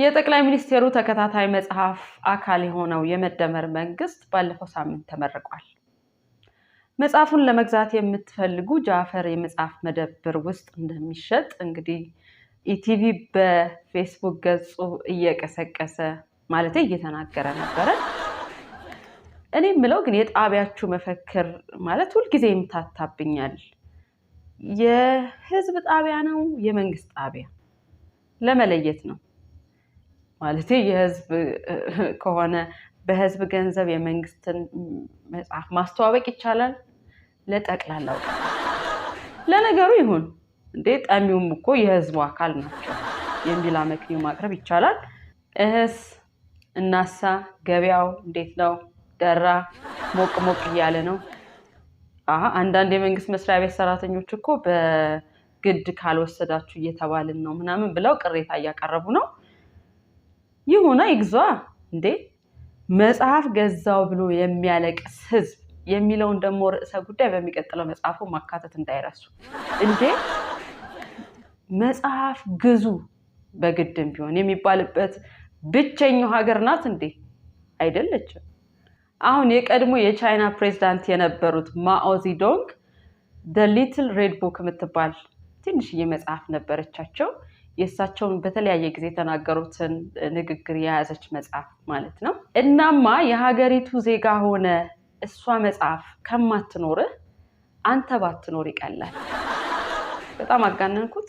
የጠቅላይ ሚኒስትሩ ተከታታይ መጽሐፍ አካል የሆነው የመደመር መንግስት ባለፈው ሳምንት ተመርቋል። መጽሐፉን ለመግዛት የምትፈልጉ ጃፈር የመጽሐፍ መደብር ውስጥ እንደሚሸጥ እንግዲህ ኢቲቪ በፌስቡክ ገጹ እየቀሰቀሰ ማለት እየተናገረ ነበረ። እኔ የምለው ግን የጣቢያችሁ መፈክር ማለት ሁልጊዜ የምታታብኛል። የህዝብ ጣቢያ ነው የመንግስት ጣቢያ ለመለየት ነው ማለት የህዝብ ከሆነ በህዝብ ገንዘብ የመንግስትን መጽሐፍ ማስተዋወቅ ይቻላል። ለጠቅላላው ለነገሩ ይሁን እንዴ ጠሚውም እኮ የህዝቡ አካል ናቸው የሚል አመክንዮ ማቅረብ ይቻላል። እህስ እናሳ ገበያው እንዴት ነው? ደራ ሞቅ ሞቅ እያለ ነው። አንዳንድ የመንግስት መስሪያ ቤት ሰራተኞች እኮ በግድ ካልወሰዳችሁ እየተባልን ነው ምናምን ብለው ቅሬታ እያቀረቡ ነው። ይሁና ይግዟ እንዴ መጽሐፍ ገዛው ብሎ የሚያለቅስ ህዝብ የሚለውን ደግሞ ርዕሰ ጉዳይ በሚቀጥለው መጽሐፉ ማካተት እንዳይረሱ። እንዴ መጽሐፍ ግዙ በግድም ቢሆን የሚባልበት ብቸኛው ሀገር ናት እንዴ? አይደለችም። አሁን የቀድሞ የቻይና ፕሬዚዳንት የነበሩት ማኦዚዶንግ ደ ሊትል ሬድ ቡክ የምትባል ትንሽዬ መጽሐፍ ነበረቻቸው። የእሳቸውን በተለያየ ጊዜ የተናገሩትን ንግግር የያዘች መጽሐፍ ማለት ነው። እናማ የሀገሪቱ ዜጋ ሆነ እሷ መጽሐፍ ከማትኖርህ አንተ ባትኖር ይቀላል። በጣም አጋነንኩት።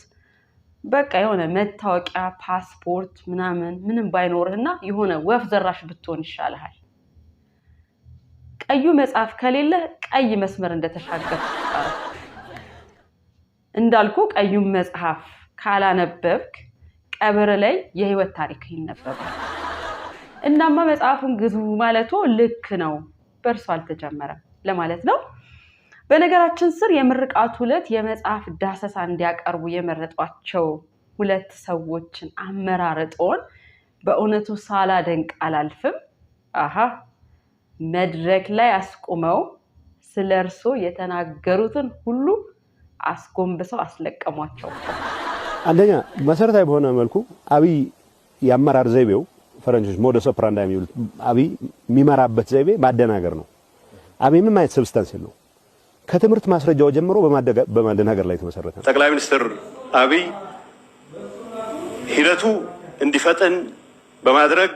በቃ የሆነ መታወቂያ፣ ፓስፖርት ምናምን ምንም ባይኖርህና የሆነ ወፍ ዘራሽ ብትሆን ይሻልሃል። ቀዩ መጽሐፍ ከሌለ ቀይ መስመር እንደተሻገር እንዳልኩ ቀዩም መጽሐፍ ካላነበብክ ቀብር ላይ የህይወት ታሪክ ይነበባል። እናማ መጽሐፉን ግዙ ማለቱ ልክ ነው፣ በእርሱ አልተጀመረም ለማለት ነው። በነገራችን ስር የምርቃቱ ዕለት የመጽሐፍ ዳሰሳ እንዲያቀርቡ የመረጧቸው ሁለት ሰዎችን አመራረጦን በእውነቱ ሳላደንቅ አላልፍም። አሃ መድረክ ላይ አስቁመው ስለ እርሶ የተናገሩትን ሁሉ አስጎንብሰው አስለቀሟቸው። አንደኛ መሰረታዊ በሆነ መልኩ አብይ የአመራር ዘይቤው ፈረንጆች ሞደስ ኦፕራንዲ የሚሉት አብይ የሚመራበት ዘይቤ ማደናገር ነው። አብይ ምንም አይነት ሰብስታንስ የለው። ከትምህርት ማስረጃው ጀምሮ በማደናገር ላይ የተመሰረተ ነው። ጠቅላይ ሚኒስትር አብይ ሂደቱ እንዲፈጥን በማድረግ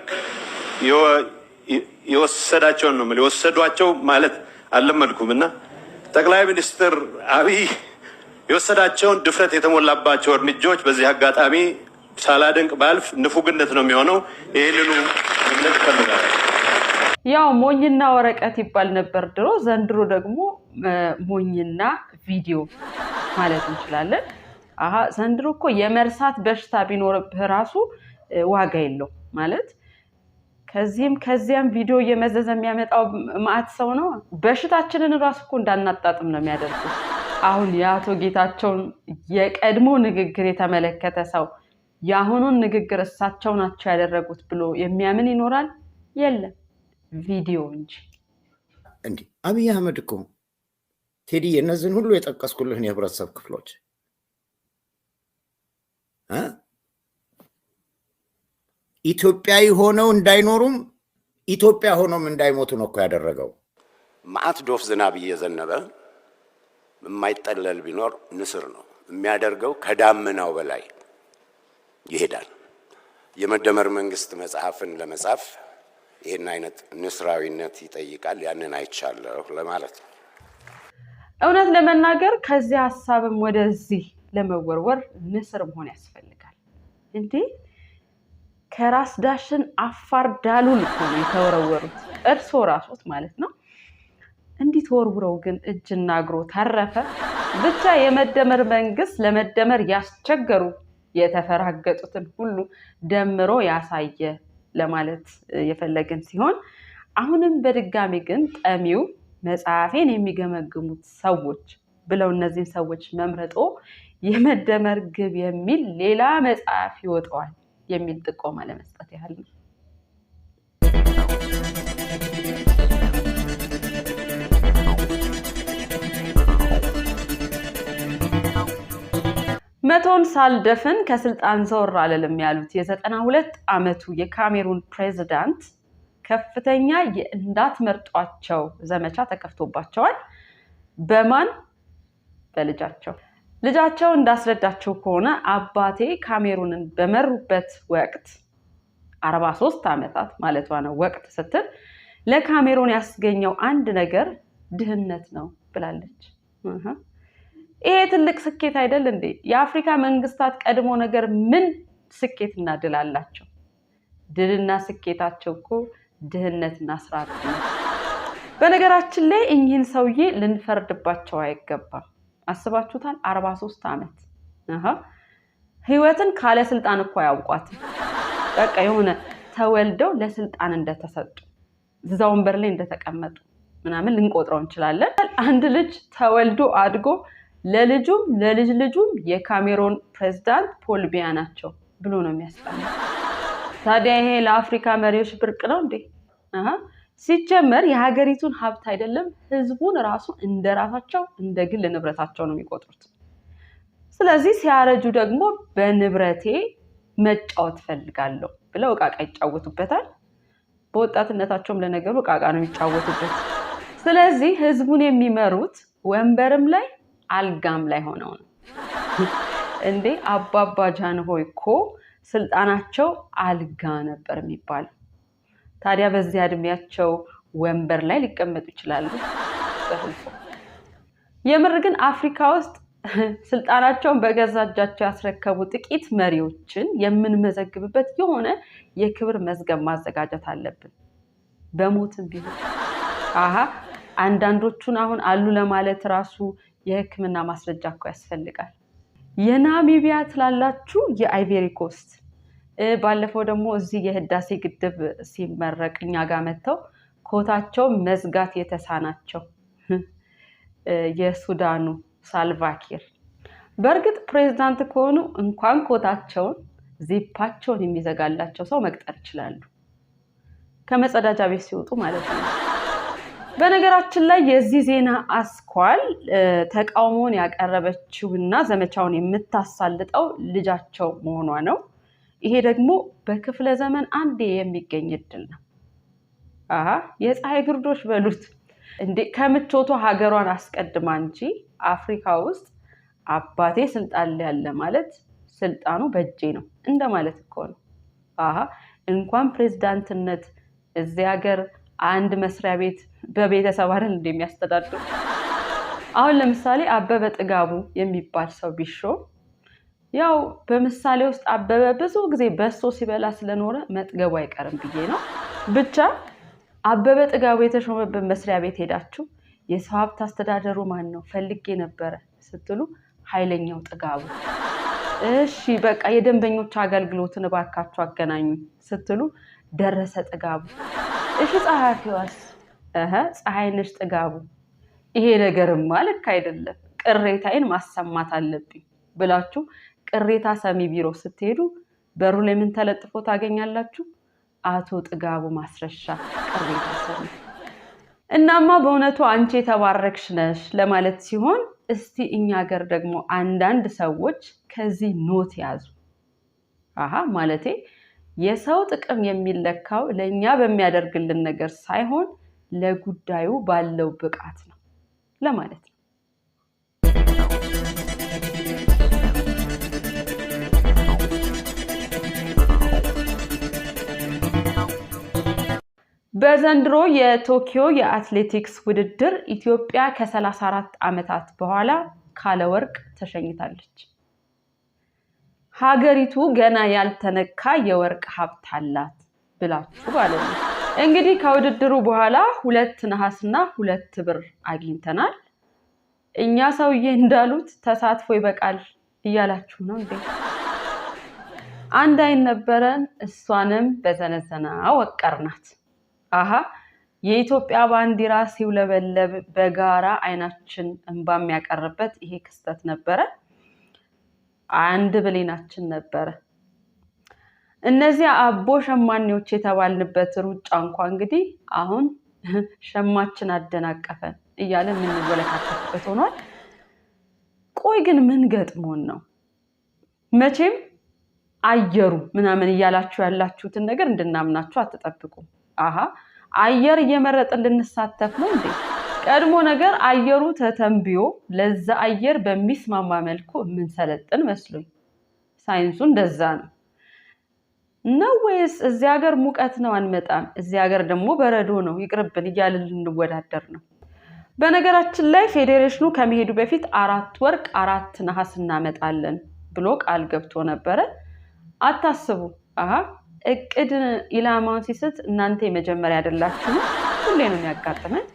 የወሰዳቸውን ነው የወሰዷቸው ማለት አልለመድኩም እና ጠቅላይ ሚኒስትር አብይ የወሰዳቸውን ድፍረት የተሞላባቸው እርምጃዎች በዚህ አጋጣሚ ሳላደንቅ ባልፍ ንፉግነት ነው የሚሆነው። ይህንኑ እምነት ይፈልጋል። ያው ሞኝና ወረቀት ይባል ነበር ድሮ፣ ዘንድሮ ደግሞ ሞኝና ቪዲዮ ማለት እንችላለን። አሀ ዘንድሮ እኮ የመርሳት በሽታ ቢኖርብህ ራሱ ዋጋ የለው ማለት ከዚህም ከዚያም ቪዲዮ እየመዘዘ የሚያመጣው ማአት ሰው ነው። በሽታችንን ራሱ እኮ እንዳናጣጥም ነው የሚያደርጉት። አሁን የአቶ ጌታቸውን የቀድሞ ንግግር የተመለከተ ሰው የአሁኑን ንግግር እሳቸው ናቸው ያደረጉት ብሎ የሚያምን ይኖራል? የለም። ቪዲዮ እንጂ እንዲ አብይ አህመድ እኮ ቴዲ እነዚህን ሁሉ የጠቀስኩልህን የህብረተሰብ ክፍሎች ኢትዮጵያዊ ሆነው እንዳይኖሩም ኢትዮጵያ ሆኖም እንዳይሞቱ ነው እኮ ያደረገው። መዓት ዶፍ ዝናብ እየዘነበ የማይጠለል ቢኖር ንስር ነው። የሚያደርገው ከዳመናው በላይ ይሄዳል። የመደመር መንግስት መጽሐፍን ለመጻፍ ይህን አይነት ንስራዊነት ይጠይቃል። ያንን አይቻለሁ ለማለት ነው። እውነት ለመናገር ከዚህ ሀሳብም ወደዚህ ለመወርወር ንስር መሆን ያስፈልጋል። እንዴ ከራስ ዳሽን አፋር ዳሉል እኮ ነው የተወረወሩት። እርሶ ራሶት ማለት ነው። እንዲህ ተወርውረው ግን እጅና እግሮ ተረፈ ብቻ የመደመር መንግስት ለመደመር ያስቸገሩ የተፈራገጡትን ሁሉ ደምሮ ያሳየ ለማለት የፈለግን ሲሆን አሁንም በድጋሚ ግን ጠሚው መጽሐፌን የሚገመግሙት ሰዎች ብለው እነዚህን ሰዎች መምረጦ የመደመር ግብ የሚል ሌላ መጽሐፍ ይወጣዋል የሚል ጥቆማ ለመስጠት ያህል ነው። መቶን ሳልደፍን ከስልጣን ዘወር አልልም ያሉት የዘጠና ሁለት ዓመቱ የካሜሩን ፕሬዚዳንት ከፍተኛ የእንዳትመርጧቸው ዘመቻ ተከፍቶባቸዋል። በማን በልጃቸው። ልጃቸው እንዳስረዳቸው ከሆነ አባቴ ካሜሩንን በመሩበት ወቅት አርባ ሶስት ዓመታት ማለቷ ነው። ወቅት ስትል ለካሜሩን ያስገኘው አንድ ነገር ድህነት ነው ብላለች። ይሄ ትልቅ ስኬት አይደል እንዴ? የአፍሪካ መንግስታት ቀድሞ ነገር ምን ስኬትና ድል አላቸው? ድልና ስኬታቸው እኮ ድህነትና ስራ በነገራችን ላይ እኚህን ሰውዬ ልንፈርድባቸው አይገባም። አስባችሁታል? አርባ ሶስት ዓመት ህይወትን ካለ ስልጣን እኮ አያውቋትም። በቃ የሆነ ተወልደው ለስልጣን እንደተሰጡ እዛ ወንበር ላይ እንደተቀመጡ ምናምን ልንቆጥረው እንችላለን። አንድ ልጅ ተወልዶ አድጎ ለልጁም ለልጅ ልጁም የካሜሮን ፕሬዝዳንት ፖል ቢያ ናቸው ብሎ ነው የሚያስጠላ። ታዲያ ይሄ ለአፍሪካ መሪዎች ብርቅ ነው እንዴ? ሲጀመር የሀገሪቱን ሀብት አይደለም ህዝቡን ራሱ እንደ ራሳቸው እንደ ግል ንብረታቸው ነው የሚቆጥሩት። ስለዚህ ሲያረጁ ደግሞ በንብረቴ መጫወት ፈልጋለሁ ብለው እቃቃ ይጫወቱበታል። በወጣትነታቸውም ለነገሩ እቃቃ ነው የሚጫወቱበት። ስለዚህ ህዝቡን የሚመሩት ወንበርም ላይ አልጋም ላይ ሆነው ነው። እንዴ አባባ ጃንሆይ እኮ ስልጣናቸው አልጋ ነበር የሚባለው። ታዲያ በዚያ እድሜያቸው ወንበር ላይ ሊቀመጡ ይችላሉ? የምር ግን አፍሪካ ውስጥ ስልጣናቸውን በገዛ እጃቸው ያስረከቡ ጥቂት መሪዎችን የምንመዘግብበት የሆነ የክብር መዝገብ ማዘጋጀት አለብን፣ በሞትም ቢሆን። አሀ አንዳንዶቹን አሁን አሉ ለማለት ራሱ የህክምና ማስረጃ እኮ ያስፈልጋል። የናሚቢያ ትላላችሁ፣ የአይቬሪ ኮስት ባለፈው ደግሞ እዚህ የህዳሴ ግድብ ሲመረቅ እኛ ጋር መጥተው ኮታቸው መዝጋት የተሳናቸው የሱዳኑ ሳልቫኪር በእርግጥ ፕሬዚዳንት ከሆኑ እንኳን ኮታቸውን ዚፓቸውን የሚዘጋላቸው ሰው መቅጠር ይችላሉ። ከመጸዳጃ ቤት ሲወጡ ማለት ነው። በነገራችን ላይ የዚህ ዜና አስኳል ተቃውሞውን ያቀረበችውና ዘመቻውን የምታሳልጠው ልጃቸው መሆኗ ነው። ይሄ ደግሞ በክፍለ ዘመን አንዴ የሚገኝ እድል ነው። የፀሐይ ግርዶች በሉት እንዴ! ሀገሯን አስቀድማ እንጂ አፍሪካ ውስጥ አባቴ ስልጣን ላይ ያለ ማለት ስልጣኑ በእጄ ነው እንደማለት እኮ ነው። እንኳን ፕሬዚዳንትነት እዚህ ሀገር አንድ መስሪያ ቤት በቤተሰብ አይደል እንደ የሚያስተዳድሩ አሁን ለምሳሌ አበበ ጥጋቡ የሚባል ሰው ቢሾም ያው በምሳሌ ውስጥ አበበ ብዙ ጊዜ በሶ ሲበላ ስለኖረ መጥገቡ አይቀርም ብዬ ነው። ብቻ አበበ ጥጋቡ የተሾመበት መስሪያ ቤት ሄዳችሁ የሰው ሀብት አስተዳደሩ ማን ነው ፈልጌ ነበረ ስትሉ ኃይለኛው ጥጋቡ፣ እሺ በቃ የደንበኞች አገልግሎትን እባካችሁ አገናኙ ስትሉ ደረሰ ጥጋቡ። እሺ ጸሐፊዋስ? ፀሐይነሽ ጥጋቡ ይሄ ነገርማ ልክ አይደለም፣ ቅሬታዬን ማሰማት አለብኝ ብላችሁ ቅሬታ ሰሚ ቢሮ ስትሄዱ በሩ ላይ ምን ተለጥፎ ታገኛላችሁ? አቶ ጥጋቡ ማስረሻ ቅሬታ ሰሚ። እናማ በእውነቱ አንቺ የተባረክሽ ነሽ ለማለት ሲሆን እስቲ እኛ ሀገር ደግሞ አንዳንድ ሰዎች ከዚህ ኖት ያዙ። አሀ ማለቴ የሰው ጥቅም የሚለካው ለእኛ በሚያደርግልን ነገር ሳይሆን ለጉዳዩ ባለው ብቃት ነው ለማለት ነው። በዘንድሮ የቶኪዮ የአትሌቲክስ ውድድር ኢትዮጵያ ከ34 ዓመታት በኋላ ካለወርቅ ተሸኝታለች። ሀገሪቱ ገና ያልተነካ የወርቅ ሀብት አላት ብላችሁ ማለት ነው። እንግዲህ ከውድድሩ በኋላ ሁለት ነሐስና ሁለት ብር አግኝተናል። እኛ ሰውዬ እንዳሉት ተሳትፎ ይበቃል እያላችሁ ነው እንዴ? አንድ አይን ነበረን፣ እሷንም በዘነዘና ወቀርናት። አሀ የኢትዮጵያ ባንዲራ ሲውለበለብ በጋራ አይናችን እንባ የሚያቀርበት ይሄ ክስተት ነበረ። አንድ ብሌናችን ነበረ። እነዚያ አቦ ሸማኔዎች የተባልንበት ሩጫ እንኳ እንግዲህ አሁን ሸማችን አደናቀፈን እያለ የምንወለካከትበት ሆኗል። ቆይ ግን ምን ገጥሞን ነው? መቼም አየሩ ምናምን እያላችሁ ያላችሁትን ነገር እንድናምናችሁ አትጠብቁም። አሀ አየር እየመረጥን ልንሳተፍ ነው እንዴ? ቀድሞ ነገር አየሩ ተተንብዮ ለዛ አየር በሚስማማ መልኩ የምንሰለጥን መስሎኝ፣ ሳይንሱ እንደዛ ነው ነው ወይስ እዚህ ሀገር ሙቀት ነው አንመጣም፣ እዚህ ሀገር ደግሞ በረዶ ነው ይቅርብን እያልን ልንወዳደር ነው? በነገራችን ላይ ፌዴሬሽኑ ከመሄዱ በፊት አራት ወርቅ አራት ነሐስ እናመጣለን ብሎ ቃል ገብቶ ነበረ። አታስቡ። አሀ እቅድ ኢላማውን ሲስት እናንተ የመጀመሪያ አይደላችሁ። ሁሌ ነው የሚያጋጥመን።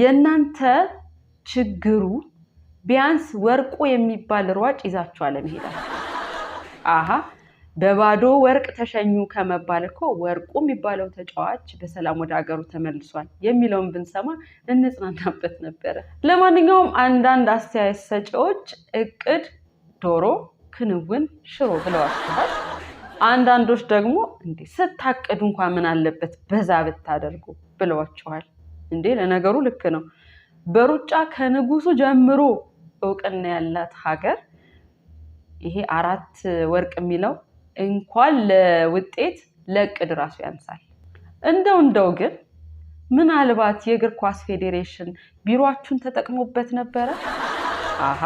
የእናንተ ችግሩ ቢያንስ ወርቁ የሚባል ሯጭ ይዛችሁ አለመሄዳል። አሀ በባዶ ወርቅ ተሸኙ ከመባል እኮ ወርቁ የሚባለው ተጫዋች በሰላም ወደ ሀገሩ ተመልሷል የሚለውን ብንሰማ እንጽናናበት ነበረ። ለማንኛውም አንዳንድ አስተያየት ሰጪዎች እቅድ ዶሮ፣ ክንውን ሽሮ ብለዋችኋል። አንዳንዶች ደግሞ እንዴ ስታቅዱ እንኳን ምን አለበት በዛ ብታደርጉ ብለዋችኋል። እንዴ ለነገሩ ልክ ነው። በሩጫ ከንጉሱ ጀምሮ እውቅና ያላት ሀገር ይሄ አራት ወርቅ የሚለው እንኳን ለውጤት ለእቅድ ራሱ ያንሳል። እንደው እንደው ግን ምናልባት የእግር ኳስ ፌዴሬሽን ቢሮችን ተጠቅሞበት ነበረ? አሀ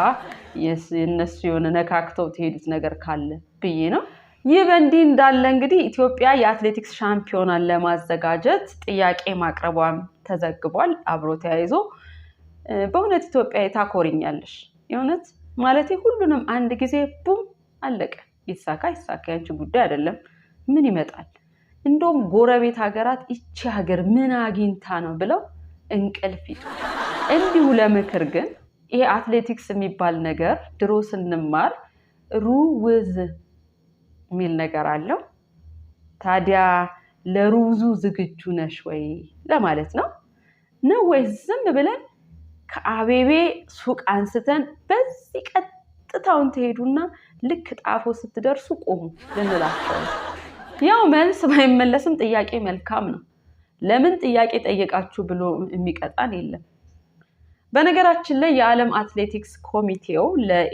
የእነሱ የሆነ ነካክተው ትሄዱት ነገር ካለ ብዬ ነው። ይህ በእንዲህ እንዳለ እንግዲህ ኢትዮጵያ የአትሌቲክስ ሻምፒዮናን ለማዘጋጀት ጥያቄ ማቅረቧም ተዘግቧል። አብሮ ተያይዞ በእውነት ኢትዮጵያ ታኮሪኛለሽ። የእውነት ማለት ሁሉንም አንድ ጊዜ ቡም አለቀ። ይሳካ ይሳካ ያንቺ ጉዳይ አይደለም። ምን ይመጣል? እንደውም ጎረቤት ሀገራት ይቺ ሀገር ምን አግኝታ ነው ብለው እንቅልፍ ይጡ። እንዲሁ ለምክር ግን ይሄ አትሌቲክስ የሚባል ነገር ድሮ ስንማር ሩውዝ የሚል ነገር አለው። ታዲያ ለሩዙ ዝግጁ ነሽ ወይ ለማለት ነው። ነው ወይስ ዝም ብለን ከአቤቤ ሱቅ አንስተን በዚህ ቀጥታውን ትሄዱና ልክ ጣፎ ስትደርሱ ቆሙ ልንላቸው? ያው መልስ ባይመለስም ጥያቄ መልካም ነው። ለምን ጥያቄ ጠየቃችሁ ብሎ የሚቀጣን የለም። በነገራችን ላይ የዓለም አትሌቲክስ ኮሚቴው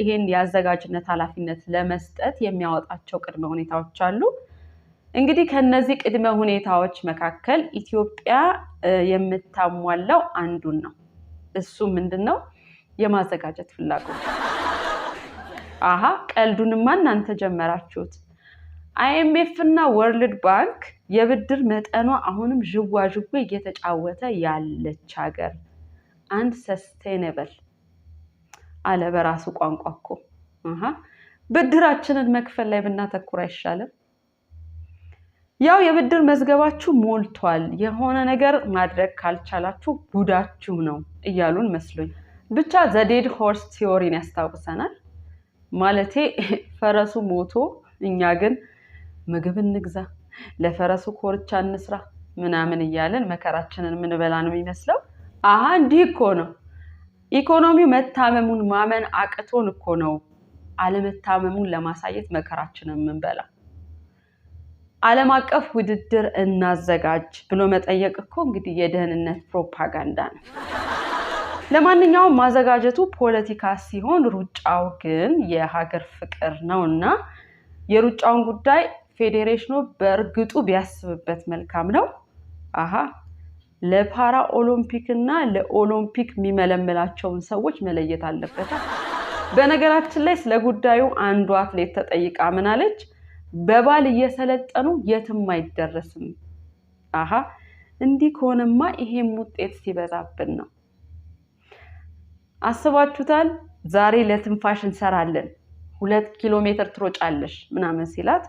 ይሄን የአዘጋጅነት ኃላፊነት ለመስጠት የሚያወጣቸው ቅድመ ሁኔታዎች አሉ። እንግዲህ ከነዚህ ቅድመ ሁኔታዎች መካከል ኢትዮጵያ የምታሟላው አንዱን ነው። እሱ ምንድን ነው? የማዘጋጀት ፍላጎት። አሀ ቀልዱንማ እናንተ ጀመራችሁት። አይኤምኤፍ እና ወርልድ ባንክ የብድር መጠኗ አሁንም ዥዋዥዌ እየተጫወተ ያለች ሀገር አንድ ሰስቴነብል አለ በራሱ ቋንቋ እኮ ብድራችንን መክፈል ላይ ብናተኩር አይሻልም? ያው የብድር መዝገባችሁ ሞልቷል፣ የሆነ ነገር ማድረግ ካልቻላችሁ ጉዳችሁ ነው እያሉን መስሎኝ። ብቻ ዘዴድ ሆርስ ቲዮሪን ያስታውሰናል። ማለቴ ፈረሱ ሞቶ እኛ ግን ምግብ እንግዛ፣ ለፈረሱ ኮርቻ እንስራ ምናምን እያለን መከራችንን ምንበላ ነው የሚመስለው። አሀ እንዲህ እኮ ነው ኢኮኖሚው መታመሙን ማመን አቅቶን እኮ ነው አለመታመሙን ለማሳየት መከራችንን ምንበላ ዓለም አቀፍ ውድድር እናዘጋጅ ብሎ መጠየቅ እኮ እንግዲህ የደህንነት ፕሮፓጋንዳ ነው። ለማንኛውም ማዘጋጀቱ ፖለቲካ ሲሆን፣ ሩጫው ግን የሀገር ፍቅር ነው እና የሩጫውን ጉዳይ ፌዴሬሽኑ በእርግጡ ቢያስብበት መልካም ነው። አሀ ለፓራ ኦሎምፒክ እና ለኦሎምፒክ የሚመለምላቸውን ሰዎች መለየት አለበታል። በነገራችን ላይ ስለ ጉዳዩ አንዱ አትሌት ተጠይቃ ምናለች? በባል እየሰለጠኑ የትም አይደረስም። አሀ እንዲህ ከሆነማ ይሄም ውጤት ሲበዛብን ነው። አስባችሁታል? ዛሬ ለትንፋሽ እንሰራለን፣ ሁለት ኪሎ ሜትር ትሮጫለሽ ምናምን ሲላት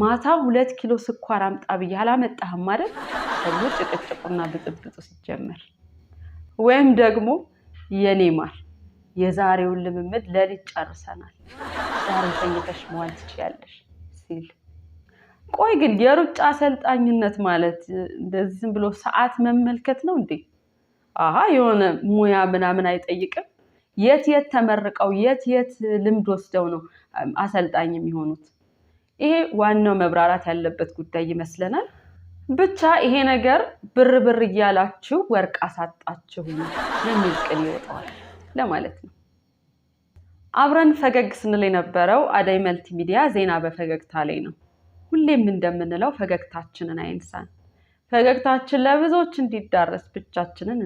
ማታ ሁለት ኪሎ ስኳር አምጣ ብዬ አላመጣህም ማለት ተብሎ ጭቅጭቁና ብጥብጡ ሲጀመር ወይም ደግሞ የኔ ማር የዛሬውን ልምምድ ለሊት ጨርሰናል። ዛሬ ተኝተሽ መዋል ትችያለሽ ሲል ቆይ ግን የሩጫ አሰልጣኝነት ማለት እንደዚህ ዝም ብሎ ሰዓት መመልከት ነው እንዴ? አሀ የሆነ ሙያ ምናምን አይጠይቅም? የት የት ተመርቀው የት የት ልምድ ወስደው ነው አሰልጣኝ የሚሆኑት? ይሄ ዋናው መብራራት ያለበት ጉዳይ ይመስለናል። ብቻ ይሄ ነገር ብር ብር እያላችሁ ወርቅ አሳጣችሁ የሚል ቅል ይወጣዋል ለማለት ነው። አብረን ፈገግ ስንል የነበረው አደይ መልቲሚዲያ ሚዲያ ዜና በፈገግታ ላይ ነው። ሁሌም እንደምንለው ፈገግታችንን አይንሳን። ፈገግታችን ለብዙዎች እንዲዳረስ ብቻችንን